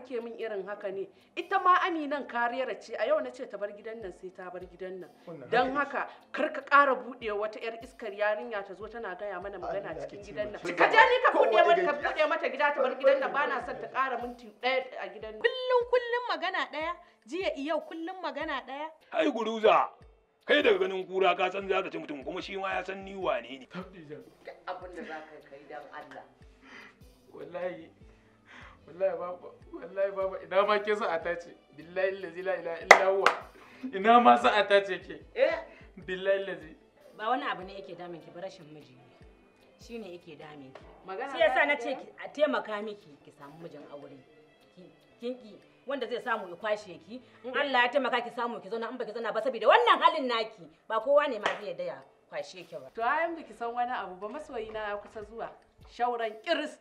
ake min irin haka ne ita ma aminan kariyar ce a yau na ce ta bar gidan nan sai ta bar gidan nan don haka kar ka ƙara buɗe wata yar iskar yarinya ta zo tana gaya mana magana cikin gidan nan ka je ni ka buɗe mata ka buɗe mata gida ta bar gidan nan bana son ta ƙara minti ɗaya a gidan nan kullum kullum magana ɗaya jiya yau kullum magana ɗaya ai guruza kai daga ganin kura ka san za ta ci mutum kuma shi ma ya san ni wane ne abin da zaka kai dan Allah wallahi wallahi baba wallahi baba ina ma ke sa'a ta ce billahi allazi la ilaha illa huwa ina ma sa'a ta ce ke eh billahi allazi ba wani abu ne yake damin ki ba rashin shi ne yake damin ki magana sai yasa na ce a taimaka miki ki samu mijin aure kinki wanda zai samu ya kwashe ki in Allah ya taimaka ki samu ki zauna in baki zauna ba saboda wannan halin naki ba kowa ne ma zai yarda ya kwashe ki ba to ayan ki san wani abu ba masoyi na ya kusa zuwa shauran kiris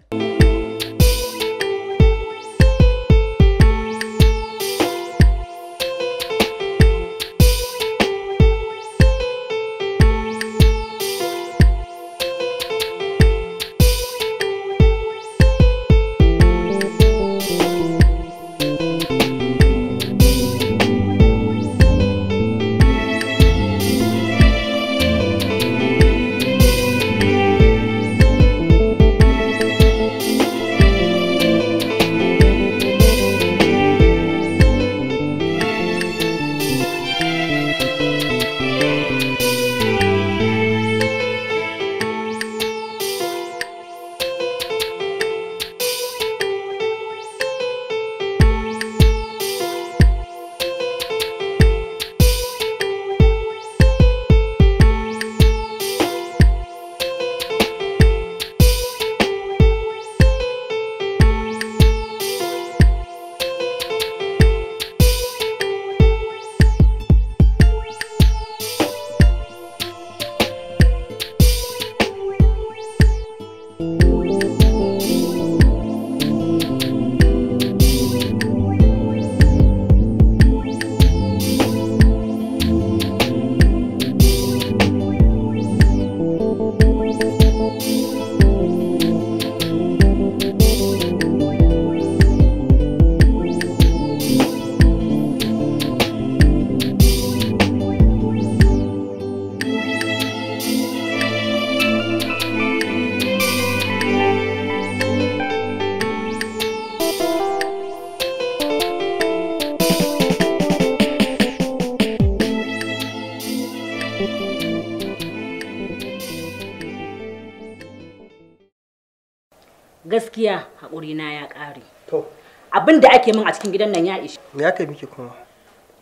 gaskiya haƙuri na ya ƙare. To. Abin da ake min a cikin gidan nan ya ishi. Me ya kai miki kuma?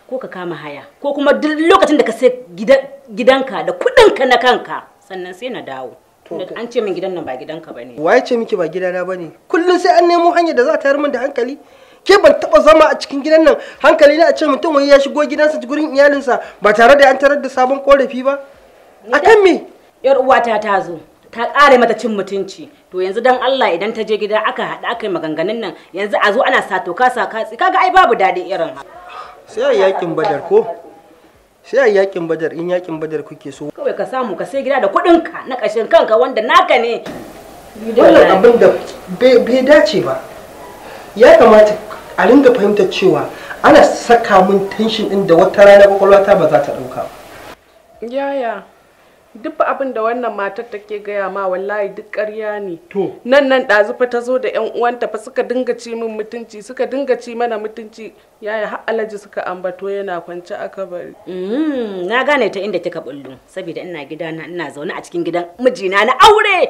Ko ka kama haya, ko kuma duk lokacin da ka sai gidanka da kuɗinka na kanka sannan sai na dawo. An ce min gidan nan ba gidanka ba ne. Waye ce miki ba gidana ba ne? Kullum sai an nemo hanyar da za ta min da hankali. Ke ban taɓa zama a cikin gidan nan hankali na a ce mutum wani ya shigo gidansa gurin iyalinsa ba tare da an tarar da sabon korafi ba. a kan me? Yar uwata ta zo. ta ƙare mata cin mutunci to yanzu dan Allah idan ta je gida aka haɗa aka maganganun nan yanzu a zo ana satoka tsi kaga ai babu daɗi irin sai a yakin badar ko sai a yakin badar in yakin badar kuke so kawai ka samu ka sai gida da kuɗinka na ƙashin kanka wanda naka ne wannan abin da bai dace ba ya kamata a ringa fahimtar cewa ana saka min tension ɗin da wata rana kwakwalwata ba za ta ɗauka ba yaya duk abin da wannan matar take gaya ma wallahi duk ƙarya ne nan nan ɗazu fa ta zo da yan uwanta fa suka dinga ci min mutunci suka dinga ci mana mutunci yaya har alaji suka ambato yana kwance a kabari mm, na gane ta inda kika bullu saboda ina gida na ina zaune a cikin gidan mijina na aure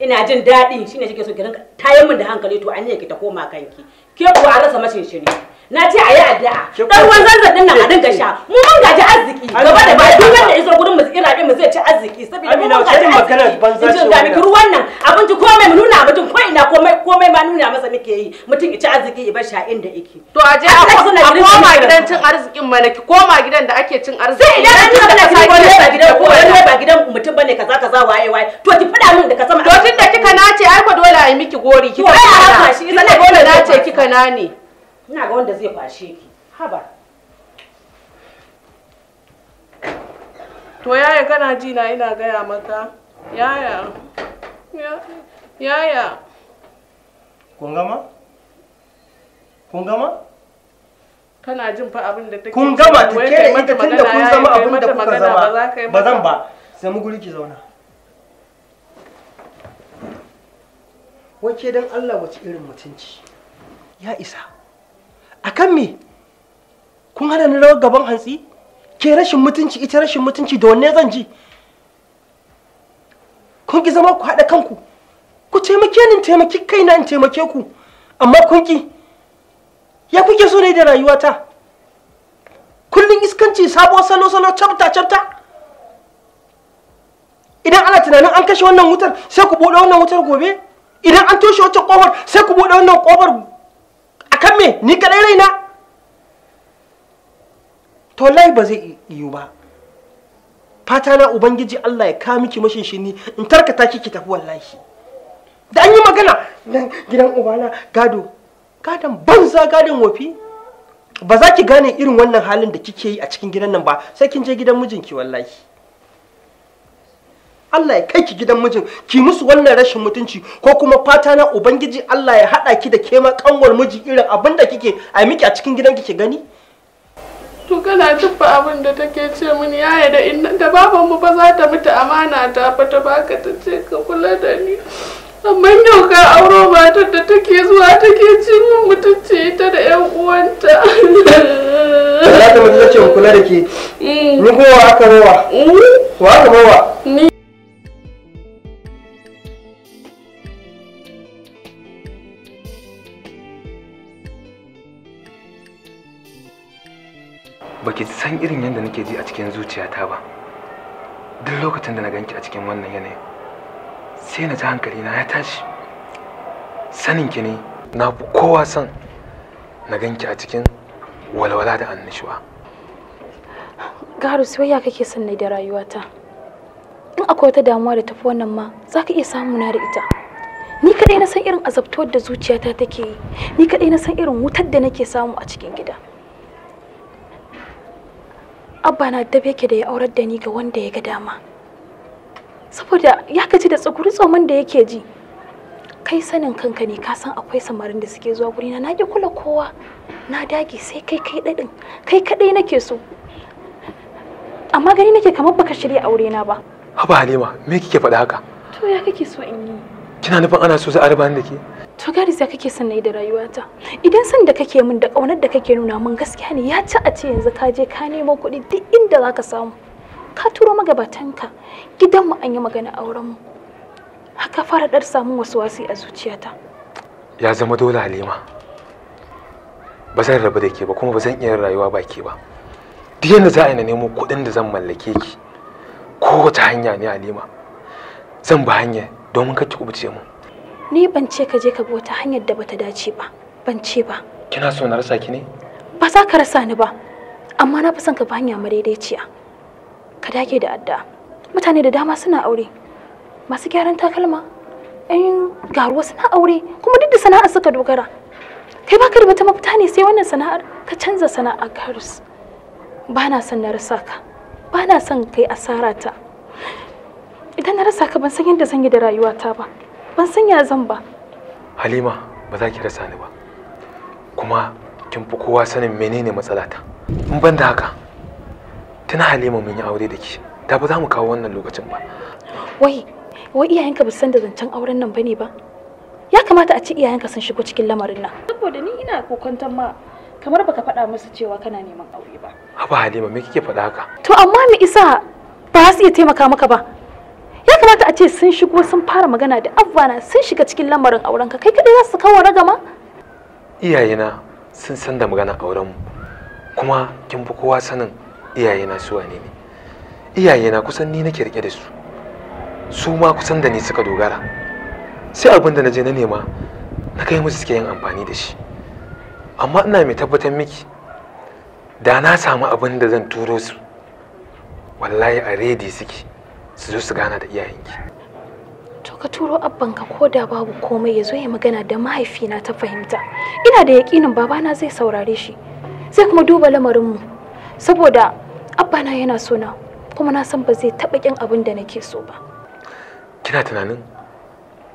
ina jin daɗi shine kike so ki rinka tayi min da hankali to an ne ki ta koma kanki ke kuwa rasa mashin shiri na ce a yi addu'a dan ruwan zanzan din nan a dinga sha mu mun gaji arziki gaba da baya duk wanda iso gurin mu ira mu zai ci arziki saboda mu mun gaji arziki in ga miki ruwan nan abinci komai mu nuna mutum ko ina komai komai ma nuna masa muke yi mutum ya ci arziki ya bar sha inda yake to a je a koma gidan cin arzikin mana ki koma gidan da ake cin arziki sai idan an nuna kina gidan ba gidan ko ba gidan mutum bane kaza kaza waye waye to ki fada min da ka sama to tunda kika nace ai ko dole a yi miki gori kika ai a haka shi ina dole nace kika nane ina ga wanda zai kwashe ki haba to yaya kana ji na ina gaya maka yaya yaya kun gama kun gama kana jin fa abin da take kun gama ta kere ita tunda kun zama abin da kuka zama ba zan ba sai mu guri ki zauna wace dan Allah wace irin mutunci ya isa akan me kun hada ni rawar gaban hantsi ke rashin mutunci ita rashin mutunci da wanne zan ji kun ki zama ku haɗa kanku ku taimake ni taimaki kaina in taimake ku amma kun ki ya kuke so ne da rayuwata kullum iskanci sabo salo salo chapta chapta idan ana tunanin an kashe wannan wutar sai ku buɗe wannan wutar gobe idan an toshe wata kofar sai ku buɗe wannan kofar akan me ni kadai raina to lai ba zai yiwu ba fata na ubangiji Allah ya ka miki mashin ni in tarkata ki ki tafi wallahi da an yi magana nan gidan ubana gado gadon banza gadon wafi ba za ki gane irin wannan halin da kike yi a cikin gidan nan ba sai kin je gidan mijinki wallahi Allah ya kai ki gidan mijin ki musu wannan rashin mutunci ko kuma fata na ubangiji Allah ya haɗa ki da ke ma kanwar miji irin abin da kike a miki a cikin gidan ki gani to kana tuffa abin da take ce mini yaya da inna da baban mu ba za ta mutu amana ta fa ta baka ta ce ka kula da ni amma yau ka auro matar da take zuwa take ci min mutunci ita da yan uwanta za ta mutu ta ce kula da ke mm. ni kowa aka rowa wa aka rowa mm. ni baki san irin yadda nake ji a cikin zuciyata ba duk lokacin da na ganki a cikin wannan yanayin sai na ji hankali na ya tashi sanin ki ne na kowa san na ganki a cikin walwala da annishuwa garu soyayya kake son ne da rayuwata in akwai wata damuwa da tafi wannan ma za ka iya samu na da ita ni kadai na san irin azabtuwar da zuciyata take yi ni kadai na san irin wutar da nake samu a cikin gida abba na dabe yake da ya aurar da ni ga wanda ya ga dama saboda ya gaji da tsakuri tsoman da yake ji kai sanin kanka ne ka san akwai samarin da suke zuwa gurina na ki kula kowa na dage sai kai kai dadin kai kadai nake so amma gani nake kamar baka shirya aure na ba haba halima me kike faɗa haka to ya kake so in yi kina nufin ana so za a raba ni da ke to garis kake son na da rayuwata idan san da kake min da kaunar da kake nuna min gaskiya ne ya ci a ce yanzu ka je ka nemo kuɗi duk inda zaka samu ka turo gidan mu an yi magana mu haka fara dar samun wasu wasi a zuciyata ya zama dole halima ba zan rabu da ke ba kuma ba zan iya rayuwa ba ke ba duk yanda za a na nemo kuɗin da zan mallake ki kowace hanya ne halima zan ba hanya domin ka ci kubuce mu ni ban ce ka je ka bi wata hanyar da bata dace ba ban ce ba kina so na rasa ki ne ba za ka rasa ni ba amma na fi son ka bi hanya madaidaiciya ka dage da adda. mutane da dama suna aure masu gyaran takalma yan garuwa suna aure kuma duk da sana'ar suka dogara kai baka da wata mafita ne sai wannan sana'ar ka canza sana'a karus ba na son na rasa ka ba na son kai asara ta idan na rasa ka ban san yadda zan yi da rayuwata ba ban san ya zan ba halima ba za ki rasa ni ba kuma kin fi kowa sanin menene matsalata in ban da haka tana halima mun yi aure da ki da ba za mu kawo wannan lokacin ba wai wai iyayenka ba san da zancen auren nan bane ba ya kamata a ce iyayenka sun shigo cikin lamarin nan saboda ni ina kokonton ma kamar baka faɗa musu cewa kana neman aure ba haba halima me kike faɗa haka to amma me isa ba su iya taimaka maka ba kamata a ce sun shigo sun fara magana da Abba na sun shiga cikin lamarin auren ka kai kadai za su kawo ragama iyayena sun san da magana auren mu kuma kin fi kowa sanin iyayena su wane ne iyayena kusan ni nake rike da su su ma kusan da ni suka dogara sai abin da na je na nema na kai musu suke yin amfani da shi amma ina mai tabbatar miki da na samu abin da zan turo su wallahi a redi suke su zo su gana da iyayenki to ka turo abbanka ko da babu komai ya zo ya magana da mahaifina ta fahimta ina da yaƙinin babana zai saurare shi sai kuma duba lamarinmu saboda abbana yana so na kuma na san ba zai taɓa ƙin abin da nake so ba kina tunanin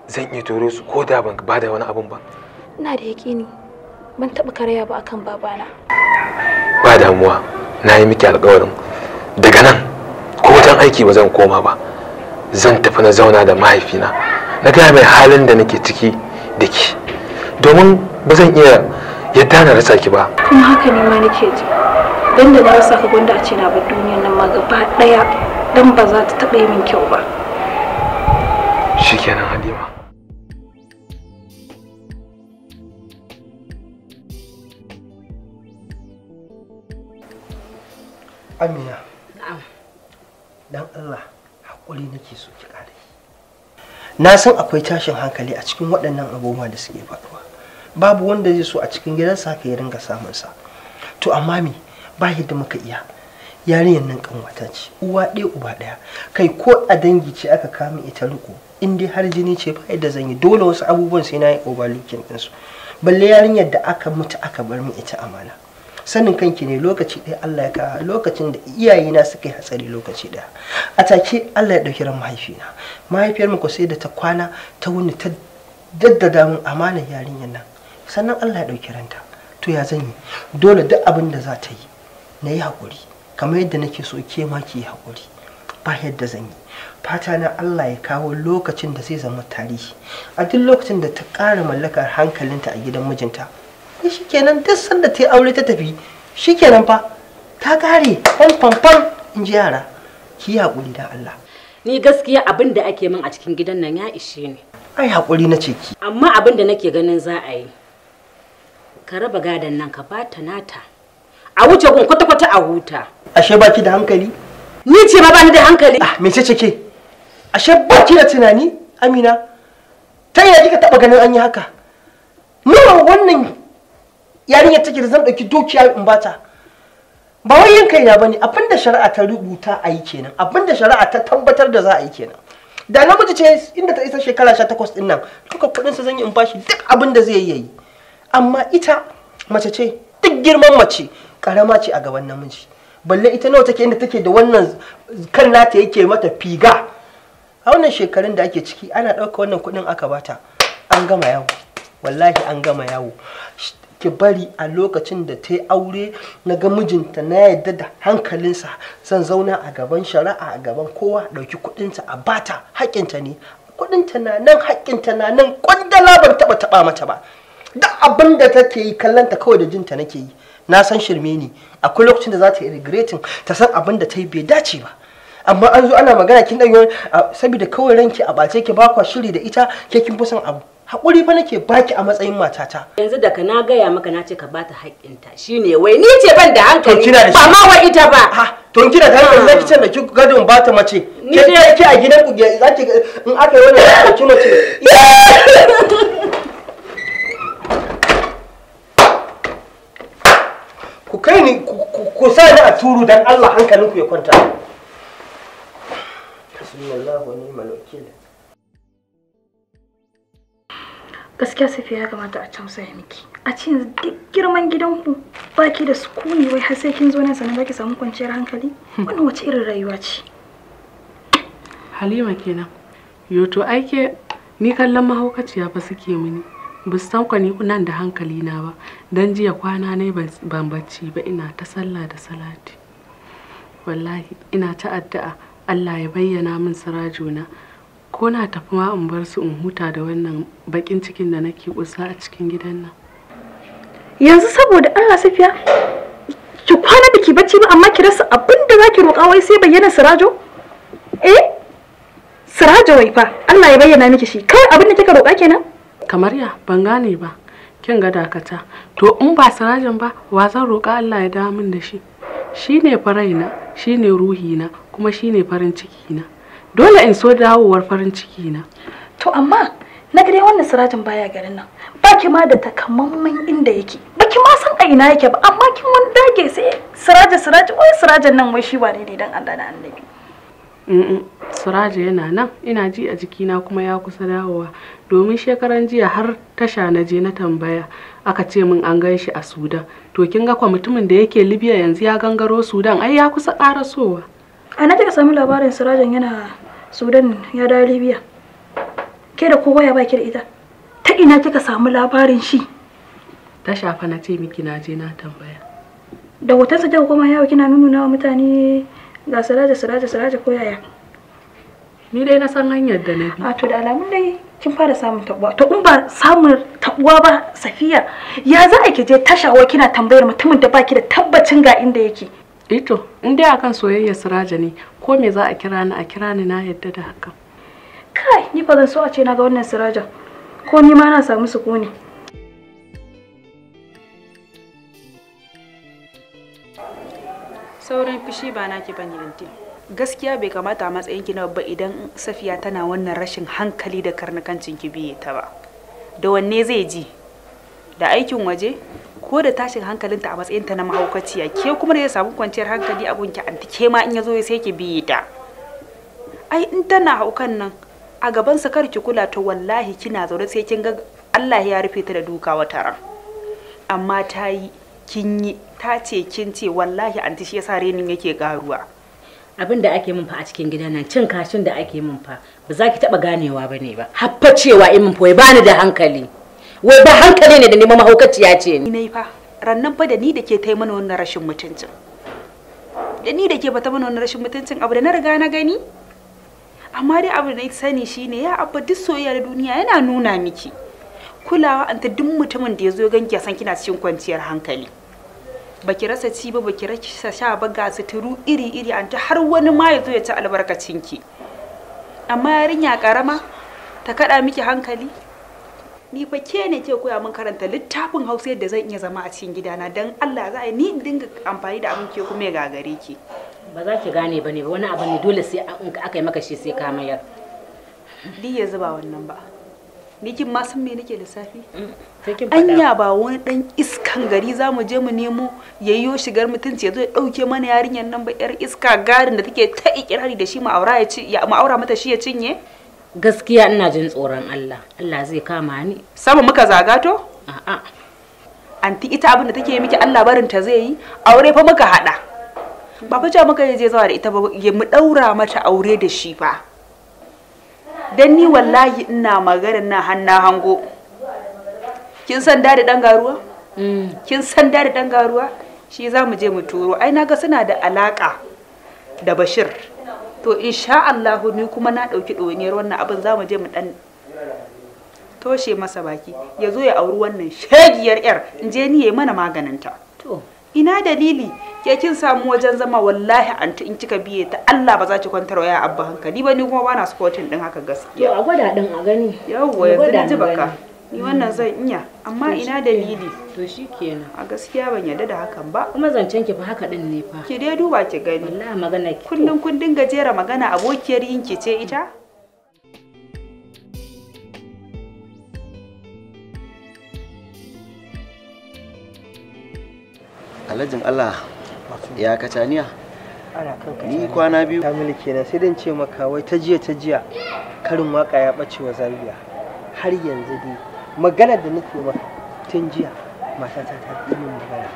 zan iya turo su ko da ban ba da wani abin ba ina da yaƙini ban taɓa karaya ba akan babana ba damuwa na yi miki alƙawarin daga nan can aiki ba zan koma ba zan tafi na zauna da mahaifina na gaya mai halin da nake ciki da ki domin ba zan iya yadda na rasa ki ba kuma haka ne ma nake ji dan da na rasa ka gwanda a ce na bar duniyar nan ma gaba daya dan ba za ta taɓa yi min kyau ba shikenan halima amina dan Allah haƙuri nake so ki ƙara na san akwai tashin hankali a cikin waɗannan abubuwa da suke faruwa babu wanda zai so a cikin gidansa ka yi ringa samun sa to amma me ba yadda muka iya yarinyar nan kanwata ce uwa ɗaya uba ɗaya kai ko a dangi ce aka kama ita riko in dai har jini ce ba yadda zan yi dole wasu abubuwan sai na yi overlooking ɗinsu balle yarinyar da aka mutu aka bar mu ita amana sanin kanki ne lokaci ɗaya Allah ya kawo lokacin da iyayena suka yi hatsari lokaci ɗaya a take Allah ya ɗauki ran mahaifina mahaifiyar mu sai da ta kwana ta wuni ta daddada mun amanar yarinyar nan sannan Allah ya ɗauki ranta to ya zan yi dole duk abin da za ta yi na yi haƙuri kamar yadda nake so ke ma ki yi haƙuri ba yadda zan yi fata na Allah ya kawo lokacin da zai zama tarihi a duk lokacin da ta ƙara mallakar hankalinta a gidan mijinta ai shikenan duk sanda ta yi aure ta tafi shikenan fa ta kare fan fan fan in ji yara ki yi da Allah ni gaskiya abin da ake min a cikin gidan nan ya ishe ni ai haƙuri na ce ki amma abin da nake ganin za a yi ka raba gadon nan ka bata nata a wuce gun kwata-kwata a huta ashe baki da hankali ni ce ma bani da hankali ah me ce ke ashe baki da tunani amina ta yaya kika taba ganin an yi haka nawa wannan yarinyar take da zan ɗauki dukiya in bata ba wai yin kaina bane abin da shari'a ta rubuta a yi kenan abin da shari'a ta tabbatar da za a yi kenan da namiji ce inda ta isa shekara 18 din nan duka kuɗin sa zan yi in bashi duk abin da zai yi amma ita mace ce duk girman mace karama ce a gaban namiji balle ita nawa take inda take da wannan kan nata yake mata figa a wannan shekarun da ake ciki ana ɗauka wannan kuɗin aka bata an gama yawo wallahi an gama yawo ki bari a lokacin da ta yi aure na ga mijinta na yadda da hankalinsa zan zauna a gaban shari'a a gaban kowa ɗauki kuɗinta a bata haƙinta ne kuɗinta na nan haƙƙinta na nan ƙwandala ban taɓa taɓa mata ba duk abin da take yi kallonta kawai da jinta nake yi na san shirme ne akwai lokacin da za ta yi regretting ta san abin da ta yi bai dace ba amma an zo ana magana kin ɗan ah, saboda kawai ranki a ɓace ki ba shiri da ita ke kin fi abu hakuri fa nake baki a matsayin matata. Yanzu daga na gaya maka na ce ka bata haƙƙinta shine wai ni ce ban da hankali ba ma wa ita ba. Ha ah, to kina da hankali zaki ce da ki gadon bata mace. Ke ke ki a gidan ku zaki in aka yi wannan ki mace. Ku kai ni ku sa ni a turu dan Allah hankalinku ya kwanta. Bismillahirrahmanirrahim. gaskiya safiya ya kamata a tausa ya miki a ce yanzu duk girman gidanku baki da sukuni wai har sai kin zo nan sannan zaki samu kwanciyar hankali hmm. wannan wace irin rayuwa ce halima kenan yoto aike ni kallon mahaukaciya fa suke mini ba su tanka ni nan da hankali na ba dan jiya kwana ne ban bacci ba ina ta sallah da salati wallahi ina ta addu'a Allah ya bayyana min sirajuna ko na tafi ma in bar su in huta da wannan bakin cikin da nake kusa a cikin gidan nan yanzu saboda Allah safiya ki kwana biki bacci ba amma ki rasa abin da zaki roƙa wai sai bayyana sirajo eh sirajo wai fa Allah ya bayyana miki shi kai abin da kika roƙa kenan kamar ya ban gane ba kin ga dakata to in ba sirajin ba wa zan roƙa Allah ya dawo min da shi shine faraina shine na, kuma shine farin ciki na. dole in so dawowar farin ciki na to amma na dai wannan siratin baya garin nan ba ki ma da takamaiman inda yake ba ki ma san a ina yake ba amma kin wani dage sai siraje siraje wai sirajen nan wai shi wane ne dan Allah na annabi siraje yana nan ina ji a jikina kuma ya kusa dawowa domin shekaran jiya har tasha na je na tambaya aka ce min an gan shi a sudan to kin ga kwa mutumin da yake libya yanzu ya gangaro sudan ai ya kusa karasowa a na kika sami labarin sirajen yana sudan ya dawo libya ke da kowa ya baki da ita ta ina kika samu labarin shi ta shafa na ce miki na je na tambaya da hotonsa ta koma yawo kina nuna nawa mutane ga siraja siraja siraja ko yaya ni dai na san hanyar da na bi a to da alamun dai kin fara samun tabuwa to in ba samun tabuwa ba safiya ya za a kije je tashawa kina tambayar mutumin da baki da tabbacin ga inda yake Ito, eh in dai akan soyayya Siraja ne, ko me za a kira ni a kira ni na yadda da haka. Kai, ni fa zan so a ce na ga wannan Siraja. Ko ni ma na samu su sukuni. Saurin fushi ba naki bane Linti. Gaskiya bai kamata a matsayin ki na babba idan Safiya tana wannan rashin hankali da karnukancin ki biye ta ba. Da wanne zai ji? Da aikin waje ko da tashin hankalinta a matsayinta na mahaukaciya ke kuma da ya samu kwanciyar hankali a gunki anti ke ma in ya zo ya sai ki biye ta ai in tana haukan nan a gaban sa ki kula to wallahi kina zaune sai kin ga Allah ya rufe ta da duka wata ran amma ta yi kin yi ta ce kin ce wallahi anti shi yasa renin yake garuwa abin da ake min fa a cikin gidan nan cin kashin da ake min fa ba za ki taba ganewa bane ba haffacewa imin fa ba bani da hankali wai ba hankali ne da mahaukaci ya ce ni nayi fa rannan fa da ni da ke tai mana wannan rashin mutuncin da ni da ke bata mana wannan rashin mutuncin abu da na riga na gani amma dai abu da na sani shine ya abba duk soyayya da duniya yana nuna miki kulawa ta duk mutumin da ya zo ganki ya san kina cikin kwanciyar hankali baki rasa ci ba baki rasa sha ba ga suturu iri iri ta har wani ma ya zo ya ci albarkacinki amma yarinya karama ta kada miki hankali ni fa ke ne ke koya min karanta littafin hausa yadda zan iya zama a cikin gidana dan allah za a ni dinga amfani da abin ke kuma ya gagare ki ba za ki gane ba ne ba wani abu ne dole sai in aka yi maka shi sai ka mayar ni ya zuba wannan ba ni kin ma san me nake lissafi mm, anya ba wani dan iskan gari za mu je mu nemo yayyo shigar mutunci ya zo ya dauke mana yarinyar nan ba yar iska garin da take ta ikirari da shi mu aura ya ci mu aura mata shi ya cinye gaskiya ina jin tsoron Allah Allah zai kama ni sama muka zagato? to a'a anti ita abin da take miki Allah barin ta zai yi aure fa muka hada ba fa muka yi je zawa da ita ba mu daura mata aure da shi fa dan ni wallahi ina magana na hanna hango kin san da dan garuwa mm. kin san da dan garuwa shi za mu je mu turo ai naga suna da alaka da Bashir to insha Allah ni kuma na ɗauki ɗuwaniyar wannan abin za mu je mu ɗan toshe masa baki ya zo ya auri wannan shagiyar yar in je ni yayi mana maganinta to ina dalili ke kin samu wajen zama wallahi anti in kika biye ta Allah ba za ki kwantar ya abba hankali ba ni kuma bana supporting din haka gaskiya a gwada din a gani yawwa yanzu ji baka ni wannan zan iya amma ina dalili to shi kenan. a gaskiya ban yarda da hakan ba kuma zancen ki fa haka din ne fa ki dai duba ki gani wallahi magana ki kullun kun dinga jera magana abokiyar yinki ce ita Alhajin Allah ya kacaniya ni kwana biyu ta mulke na sai dan ce maka wai ta jiya ta jiya karin waka ya bace wa har yanzu dai Magana da nake ba tun jiya matata ta yi magana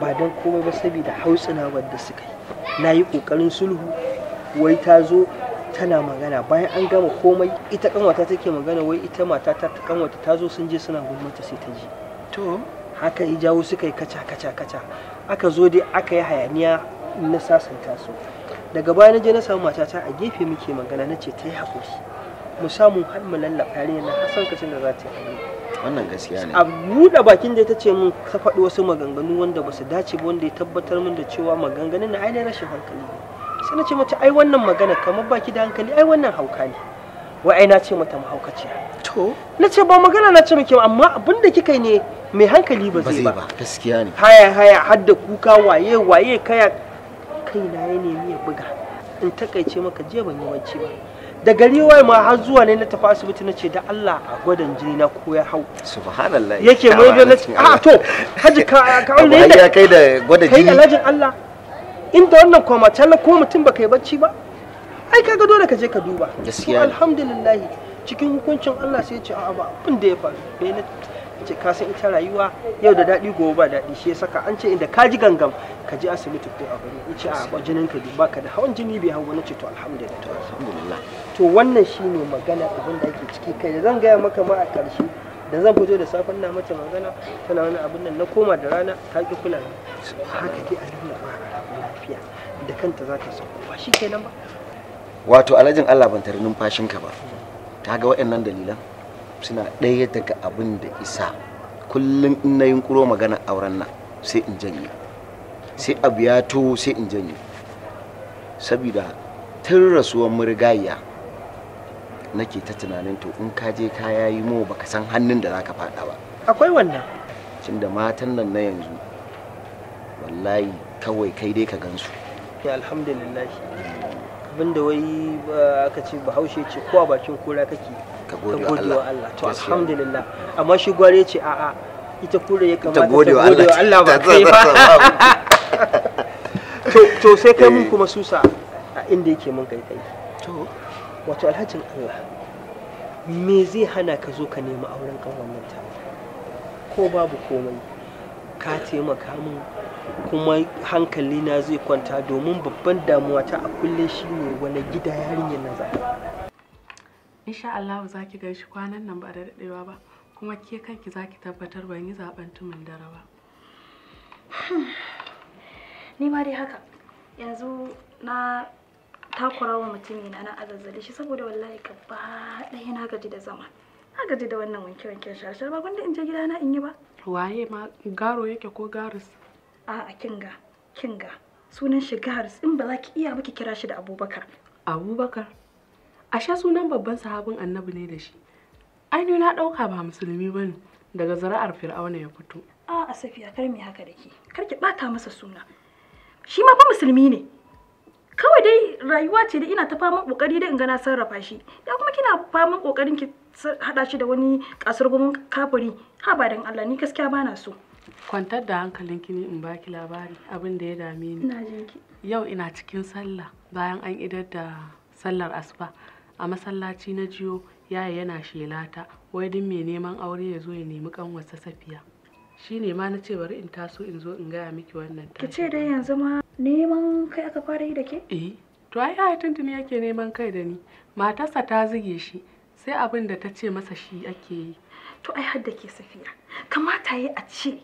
ba don komai ba saboda hausuna wadda suka yi na yi ƙoƙarin sulhu wai ta zo tana magana bayan an gama komai ita kanwata take magana wai ita matata ta kanwata ta zo sun je suna gulmata sai ta ji to haka yi jawo suka yi kaca kaca kaca aka zo dai aka yi hayaniya na sasanta su daga baya na je na samu matata a gefe muke magana na ce ta yi haƙuri mu samu har mu lallafa yarinya na hasan kashin da za ta yi wannan gaskiya ne a buɗe bakin da ta ce mun ka faɗi wasu maganganu wanda ba su dace ba wanda ya tabbatar min da cewa maganganun na ainihin rashin hankali ne sai na ce mata ai wannan magana kamar baki da hankali ai wannan hauka ne wai ai na ce mata mahaukaciya to na ce ba magana na ce muke amma abin da kika ne mai hankali ba zai ba gaskiya ne haya haya hadda kuka waye waye kaya kaina ya nemi ya buga in takaice maka je ban yi bacci ba da gari wai ma har zuwa ne na tafi asibiti na ce da Allah a gwadon jini na ko ya hau subhanallah yake mai da nace a to haji ka ka wani yadda ya kai da gwadon jini kai alhajin Allah inda wannan koma can na ko mutum baka yi bacci ba ai kaga dole ka je ka duba gaskiya alhamdulillah cikin hukuncin Allah sai ya ce a'a ba abin da ya faru bai na ce ka san ita rayuwa yau da daɗi gobe ba daɗi shi ya saka an ce inda ka ji gangam ka je asibiti ko a bari ce a ah, ba jinin ka duba ka da hawan jini bai hawa na ce to alhamdulillah to wannan shine magana abin da ake ciki kai da zan gaya maka ma a ƙarshe da zan fito da safen na mata magana tana wani abin nan na koma da rana ta ki kula haka dai a nuna ba lafiya da kanta za ta sauko ba shi kenan ba wato alhajin Allah ban tare numfashinka ba ta ga waɗannan dalilan suna ɗaya daga abin da isa kullum in na yunkuro magana auren nan sai in janye sai abu ya to sai in janye saboda tun rasuwar murigayya nake ta tunanin to in ka je ka yayi mo baka san hannun da zaka faɗa ba akwai wannan da matan nan na yanzu wallahi kawai kai dai ka gansu alhamdulillah abinda wai aka ce bahaushe ce ko a bakin kura kake ka gode wa Allah to alhamdulillah amma shi gware ce a'a ita kure ya kamata ta gode wa Allah ba kai ba to sai kai mun eh. kuma susa a inda yake mun kai kai to wato alhajin Allah me zai hana ka zo ka nemi auren kan wannan ta ko babu komai ka taimaka mun kuma hankali na zai kwanta domin babban damuwa ta a kullum shine wani gida yarinyar na zai insha Allah za ki gan shi kwanan nan ba da daɗewa ba kuma ke kanki za ki tabbatar ban yi zaben tumin dare ba ni ma dai haka yanzu na takura wa mutum na na azazzale shi saboda wallahi gaba ɗaya na gaji da zama na gaji da wannan wanke wanke shashar ba gunda in je gida na in yi ba waye ma garo yake ko A a'a kinga kinga sunan shi garus in ba za ki iya ba ki kira shi da abubakar abubakar a sha sunan babban sahabin annabi ne da shi ainihin na ɗauka ba musulmi ba ne daga zara'ar fir'auna ya fito a a safiya kar mi haka dake ke kar ki ɓata masa suna shi ma fa musulmi ne kawai dai rayuwa ce da ina ta fama kokari da in gana sarrafa shi ya kuma kina fama kokarin ki hada shi da wani kasar gumin kafiri ha ba dan Allah ni gaskiya bana so kwantar da hankalinki ne in baki labari abin da ya dame ni yau ina cikin sallah bayan an idar da sallar asuba a masallaci na jiyo yaya yana shela ta wai din mai neman aure ya zo ya nemi kanwarsa safiya Shi ne ma na ce bari in taso in zo in gaya miki wannan ta ce dai yanzu ma neman kai aka fara yi da ke eh to ai ai tuntuni yake neman kai da ni matarsa ta zige shi sai abin da ta ce masa shi ake yi to ai har da ke safiya kamata yi a ce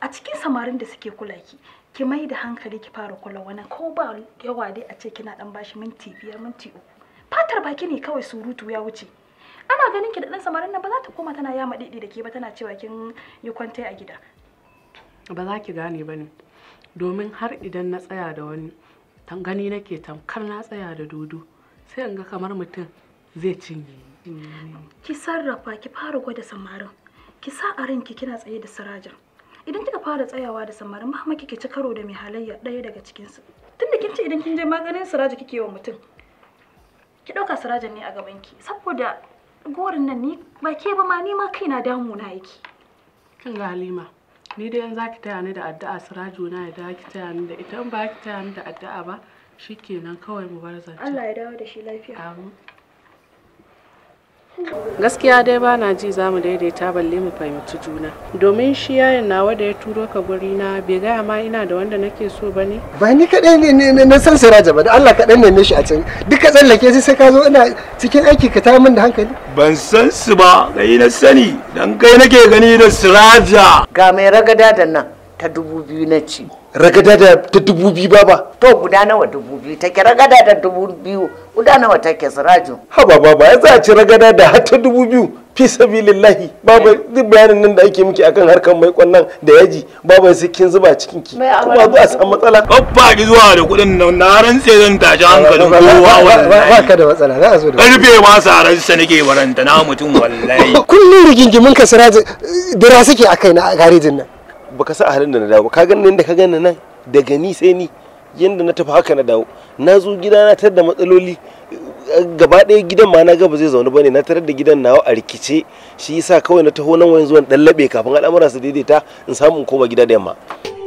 a cikin samarin da suke kula ki ki mai da hankali ki fara kula wani ko ba yawa dai a ce kina dan bashi minti biyar minti uku fatar baki ne kawai surutu ya wuce ana ganin ki da ɗan samarin nan ba za ta koma tana yama ɗiɗi da ke ba tana cewa kin yi kwantai a gida ba za ki gane ba ne domin har idan na tsaya da wani gani nake tamkar na tsaya da dodo sai in ga kamar mutum zai cinye ki sarrafa ki fara gwada samarin ki sa a ranki kina tsaye da sarajan idan kika fara tsayawa da samarin mahama kike ci karo da mai halayya daya daga cikinsu tunda kin ce idan kin je maganin siraji kike wa mutum ki ɗauka sirajan ne a gaban ki saboda gorin nan ni ba ke ba ma ni ma kaina damu na yake kin ga halima ni dai in zaki taya ni da addu'a sirajo na ya zaki ki taya ni da ita ba ki taya ni da addu'a ba shikenan kawai mu bar zance Allah ya dawo da shi lafiya amin gaskiya dai ba na ji za mu daidaita balle mu fahimci juna domin shi yayin nawa da ya turo ka guri na bai gaya ma ina da wanda nake so ba ne ba ni kaɗai ne na san siraja ba da Allah kaɗan ne shi a can duka tsallake sai sai ka zo ina cikin aiki ka ta min da hankali ban san su ba kai na sani dan kai nake gani da siraja ga mai ragada da nan ta dubu biyu na ci ragada da ta dubu biyu ba ba. to guda nawa dubu biyu take ragada da dubu biyu guda nawa take siraju haba ba ya za a ci ragada da har ta dubu biyu fi sabilillahi baba eh. duk bayanin nan da ake miki akan harkar mai kwannan da yaji baba sai kin zuba cikin ki kuma zuwa samu matsala babba ki zuwa da kuɗin nan na rantse zan tashi hankalin kowa ba ka da matsala za a zo da karfe ma saran sa nake baranta na mutum wallahi Kullum rigingimin ka siraju dira suke a kai na garejin nan baka sa a halin da na dawo ka ganin da ka gani nan daga ni sai ni yanda na tafi haka na dawo na zo gida na tar da matsaloli gaba ɗaya gidan ma na gaba zai zaune bane na tarar da gidan nawa a rikice shi yasa kawai na taho nan wayan zuwan dan labe kafin al'amura su daidaita in samu in koma gida da yamma